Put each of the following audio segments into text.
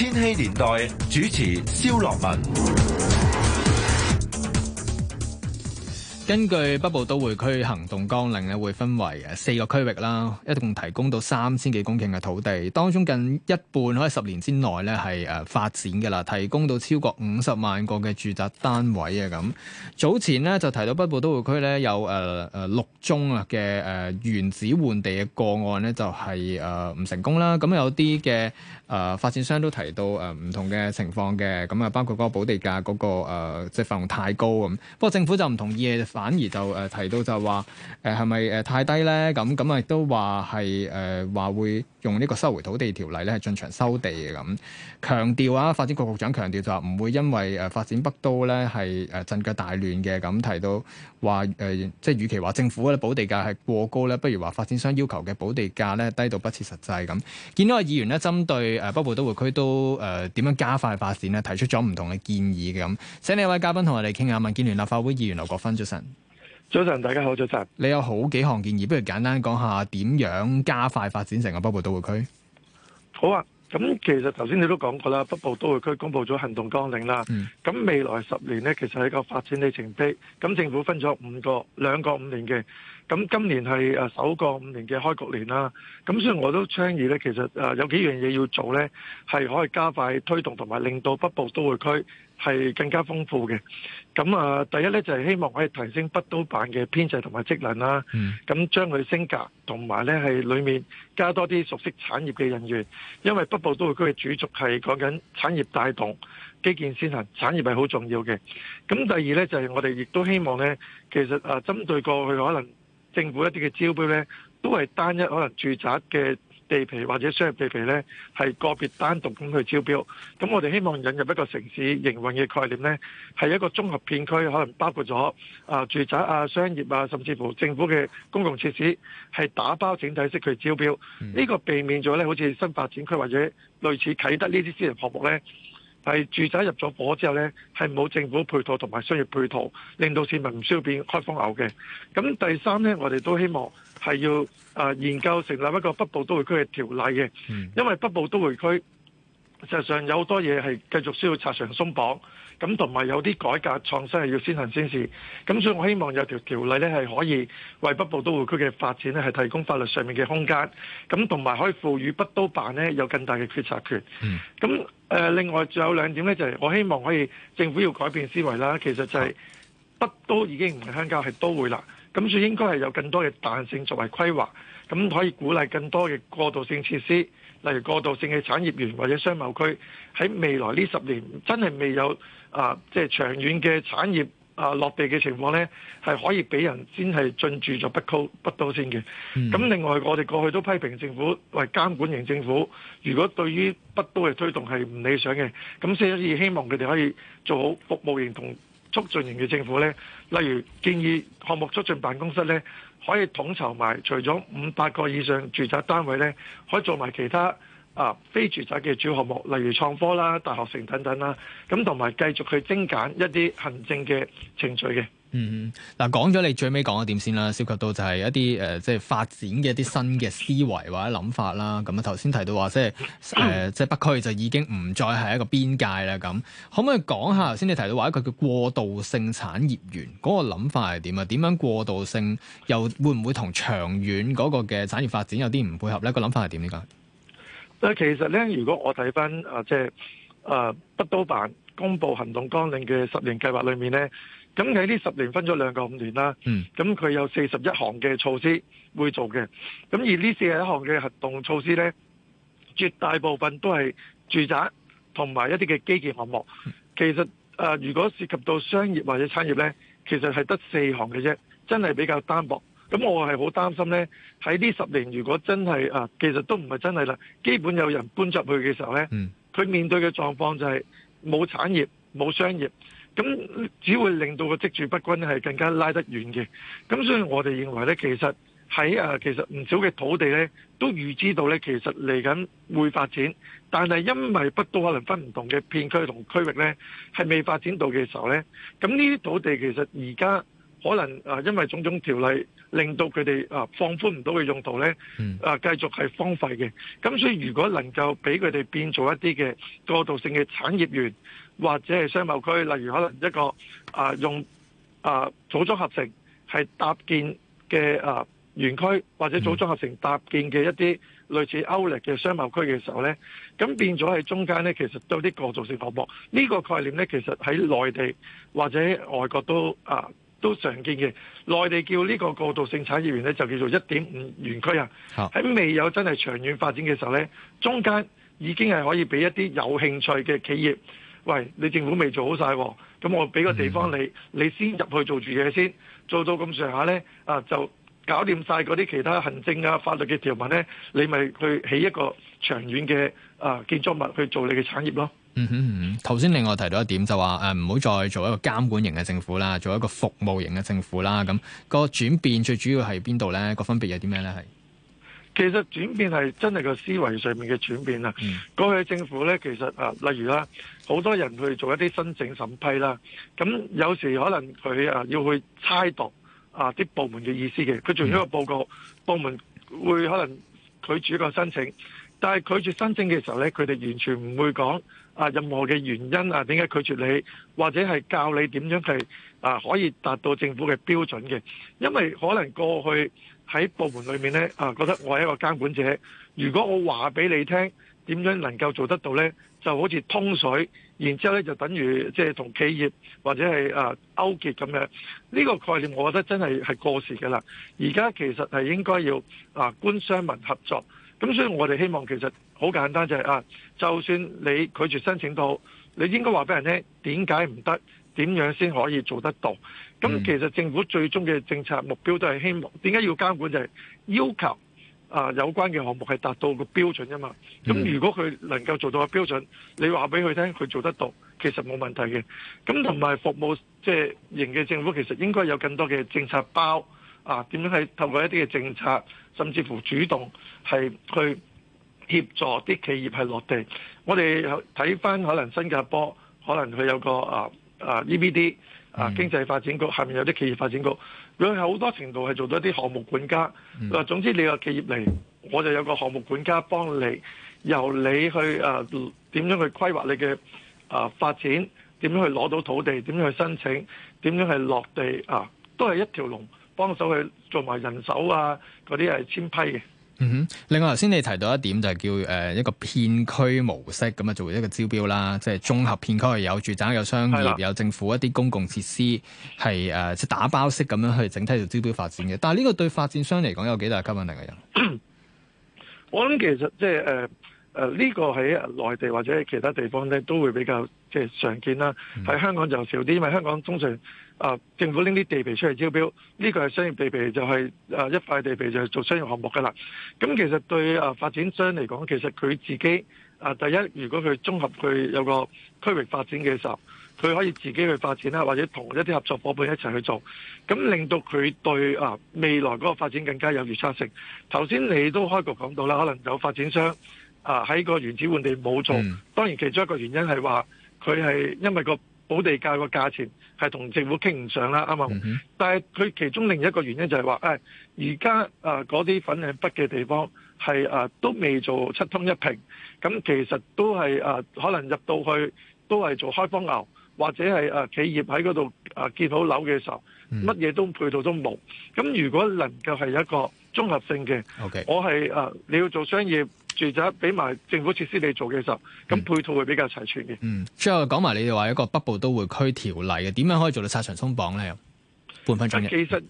天氣年代主持蕭樂文。根據北部都會區行動綱領咧，會分為四個區域啦，一共提供到三千幾公頃嘅土地，當中近一半可以十年之內咧係誒發展嘅啦，提供到超過五十萬個嘅住宅單位啊咁。早前咧就提到北部都會區咧有誒誒、呃、六宗啊嘅誒原址換地嘅個案咧，就是，就係誒唔成功啦。咁、呃、有啲嘅誒發展商都提到誒唔、呃、同嘅情況嘅，咁啊包括嗰個補地價嗰、那個即係費用太高咁。不過政府就唔同意。反而就誒提到就話誒係咪誒太低咧？咁咁啊亦都話係誒話會用呢個收回土地條例咧，係進場收地嘅咁。強調啊，發展局局長強調就話唔會因為誒發展北都咧係誒陣腳大亂嘅咁。提到話誒、呃、即係與其話政府咧補地價係過高咧，不如話發展商要求嘅補地價咧低到不切實際咁。見到個議員咧針對誒、呃、北部都會區都誒點、呃、樣加快發展咧，提出咗唔同嘅建議嘅咁。請另一位嘉賓同我哋傾下，民建聯立法會議員劉國勳先生。早晨，大家好。早晨，你有好幾項建議，不如簡單講下點樣加快發展成個北部都會區？好啊，咁其實頭先你都講過啦，北部都會區公佈咗行動綱領啦。咁、嗯、未來十年呢，其實係一個發展里程碑。咁政府分咗五個兩個五年嘅。咁今年係首個五年嘅開局年啦，咁所以我都倡議咧，其實誒有幾樣嘢要做咧，係可以加快推動同埋令到北部都會區係更加豐富嘅。咁啊，第一咧就係希望可以提升北都辦嘅編制同埋職能啦，咁將佢升格，同埋咧係裏面加多啲熟悉產業嘅人員，因為北部都會區嘅主軸係講緊產業帶動、基建先行，產業係好重要嘅。咁第二咧就係我哋亦都希望咧，其實誒針對過去可能政府一啲嘅招標呢，都係單一可能住宅嘅地皮或者商業地皮呢，係個別單獨咁去招標。咁我哋希望引入一個城市營運嘅概念呢，係一個綜合片區，可能包括咗啊住宅啊商業啊，甚至乎政府嘅公共設施，係打包整體式去招標。呢、嗯呢個避免咗呢，好似新發展區或者類似啟德呢啲私人項目呢。係住宅入咗伙之後呢，係冇政府配套同埋商業配套，令到市民唔需要變開荒牛嘅。咁第三呢，我哋都希望係要啊研究成立一個北部都會區嘅條例嘅，因為北部都會區。實際上有好多嘢係繼續需要拆牆鬆綁，咁同埋有啲改革創新係要先行先試，咁所以我希望有條條例咧係可以為北部都會區嘅發展咧係提供法律上面嘅空間，咁同埋可以賦予北都辦咧有更大嘅決策權。咁、mm. 呃、另外仲有兩點咧，就係我希望可以政府要改變思維啦，其實就係北都已經唔係鄉郊，係都會啦。咁所以應該係有更多嘅彈性作為規劃，咁可以鼓勵更多嘅過渡性設施，例如過渡性嘅產業園或者商貿區，喺未來呢十年真係未有啊，即、就、係、是、長遠嘅產業啊落地嘅情況呢，係可以俾人先係進駐咗北都北都先嘅。咁另外我哋過去都批評政府為監管型政府，如果對於北都嘅推動係唔理想嘅，咁所以希望佢哋可以做好服務型同。促進型嘅政府呢，例如建議項目促進辦公室呢，可以統籌埋除咗五百個以上住宅單位呢，可以做埋其他啊非住宅嘅主要項目，例如創科啦、大學城等等啦，咁同埋繼續去精簡一啲行政嘅程序嘅。嗯，嗱，講咗你最尾講嘅點先啦，涉及到就係一啲誒、呃，即係發展嘅一啲新嘅思維或者諗法啦。咁啊，頭先提到話，即係誒、呃，即係北區就已經唔再係一個邊界啦。咁可唔可以講下頭先你提到話一個叫過渡性產業園嗰、嗰個諗法係點啊？點樣過渡性又會唔會同長遠嗰個嘅產業發展有啲唔配合呢？個諗法係點呢？個？其實咧，如果我睇翻啊，即係啊，北都辦公布行動綱領嘅十年計劃裏面咧。咁喺呢十年分咗兩個五年啦，咁、嗯、佢有四十一項嘅措施會做嘅，咁而呢四十一項嘅行動措施呢，絕大部分都係住宅同埋一啲嘅基建項目。嗯、其實誒、啊，如果涉及到商業或者產業呢，其實係得四項嘅啫，真係比較單薄。咁我係好擔心呢，喺呢十年如果真係啊其實都唔係真係啦，基本有人搬入去嘅時候呢，佢、嗯、面對嘅狀況就係、是、冇產業、冇商業。咁只會令到個積住不均係更加拉得遠嘅，咁所以我哋認為呢，其實喺其實唔少嘅土地呢，都預知到呢，其實嚟緊會發展，但係因為北都可能分唔同嘅片區同區域呢，係未發展到嘅時候呢，咁呢啲土地其實而家。可能啊，因為種種條例令到佢哋啊放寬唔到嘅用途呢，啊繼續係荒廢嘅。咁所以如果能夠俾佢哋變做一啲嘅過渡性嘅產業園或者係商貿區，例如可能一個啊用啊組裝合成係搭建嘅啊園區，或者組裝合成搭建嘅一啲類似 outlet 嘅商貿區嘅時候呢，咁變咗喺中間呢，其實都有啲過渡性項目。呢、呢個概念呢，其實喺內地或者外國都啊。都常見嘅，內地叫呢個過渡性產業園咧，就叫做一點五園區啊。喺未有真係長遠發展嘅時候咧，中間已經係可以俾一啲有興趣嘅企業，喂，你政府未做好晒喎，咁我俾個地方你，你先入去做住嘢先，做到咁上下咧，啊，就搞掂晒嗰啲其他行政啊、法律嘅條文咧，你咪去起一個長遠嘅啊建築物去做你嘅產業咯。嗯哼嗯，頭先另外提到一點就話誒，唔好再做一個監管型嘅政府啦，做一個服務型嘅政府啦。咁個轉變最主要係邊度呢？個分別有啲咩呢？係其實轉變係真係個思維上面嘅轉變啊、嗯，過去政府呢，其實啊，例如啦，好多人去做一啲申請審批啦，咁有時可能佢啊要去猜度啊啲部門嘅意思嘅，佢做一個報告，嗯、部門會可能拒絕個申請，但係拒絕申請嘅時候呢，佢哋完全唔會講。啊！任何嘅原因啊，點解拒絕你，或者係教你點樣係啊可以達到政府嘅標準嘅？因為可能過去喺部門裏面咧，啊，覺得我係一個監管者，如果我話俾你聽點樣能夠做得到咧，就好似通水，然之後咧就等於即係同企業或者係啊勾結咁樣，呢個概念我覺得真係係過時嘅啦。而家其實係應該要啊官商民合作。咁所以我哋希望其實好簡單就係啊，就算你拒絕申請到，你應該話俾人聽點解唔得，點樣先可以做得到。咁其實政府最終嘅政策目標都係希望，點解要監管就係要求啊有關嘅項目係達到個標準啊嘛。咁如果佢能夠做到個標準，你話俾佢聽佢做得到，其實冇問題嘅。咁同埋服務即係型嘅政府，其實應該有更多嘅政策包。啊，點樣係透過一啲嘅政策，甚至乎主動係去協助啲企業係落地。我哋睇翻可能新加坡，可能佢有個啊啊 EVD 啊經濟發展局，下面有啲企業發展局，佢有好多程度係做到一啲項目管家。嗱，總之你個企業嚟，我就有個項目管家幫你，由你去啊點樣去規劃你嘅啊發展，點樣去攞到土地，點樣去申請，點樣去落地啊，都係一條龍。幫手去做埋人手啊，嗰啲係簽批嘅。嗯哼，另外頭先你提到一點就係叫誒、呃、一個片區模式咁啊，做一個招標啦，即係綜合片區係有住宅、有商業、有政府一啲公共設施，係誒即係打包式咁樣去整體做招標發展嘅。但係呢個對發展商嚟講有幾大吸引力嘅？我諗其實即係誒誒呢個喺內地或者其他地方咧都會比較即係常見啦，喺、嗯、香港就少啲，因為香港通常。啊！政府拎啲地皮出嚟招標，呢個係商業地皮，就係啊一塊地皮就係做商業項目㗎啦。咁其實對啊發展商嚟講，其實佢自己啊第一，如果佢綜合佢有個區域發展嘅時候，佢可以自己去發展啦，或者同一啲合作伙伴一齊去做，咁令到佢對啊未來嗰個發展更加有預測性。頭先你都開局講到啦，可能有發展商啊喺個原址換地冇做、嗯，當然其中一個原因係話佢係因為個。土地價個價錢係同政府傾唔上啦，啱啱。Mm -hmm. 但係佢其中另一個原因就係話，誒而家啊嗰啲粉嶺北嘅地方係啊、呃、都未做七通一平，咁其實都係啊、呃、可能入到去都係做開荒牛，或者係、呃、企業喺嗰度啊建好樓嘅時候，乜嘢都配套都冇。咁如果能夠係一個綜合性嘅，okay. 我係啊、呃、你要做商業。住宅俾埋政府設施你做嘅時候，咁配套會比較齊全嘅。嗯，之、嗯、後講埋你哋話一個北部都會區條例嘅點樣可以做到拆牆鬆綁咧？半分鐘嘅。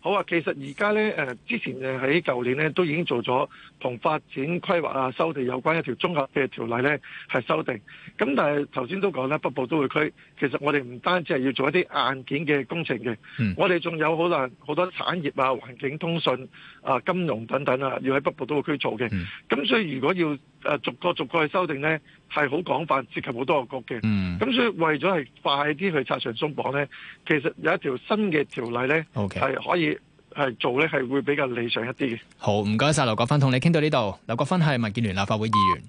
好啊，其實而家咧，誒之前誒喺舊年咧，都已經做咗同發展規劃啊、收地有關一條綜合嘅條例咧，係修訂。咁但係頭先都講啦，北部都會區其實我哋唔單止係要做一啲硬件嘅工程嘅、嗯，我哋仲有可能好多產業啊、環境、通訊啊、金融等等啊，要喺北部都會區做嘅。咁、嗯、所以如果要，誒，逐個逐個去修訂咧，係好廣泛，涉及好多個局嘅。嗯，咁所以為咗係快啲去拆牆鬆綁咧，其實有一條新嘅條例咧，係可以係做咧，係會比較理想一啲嘅。好，唔該晒，劉國勳，同你傾到呢度。劉國勳係民建聯立法會議員。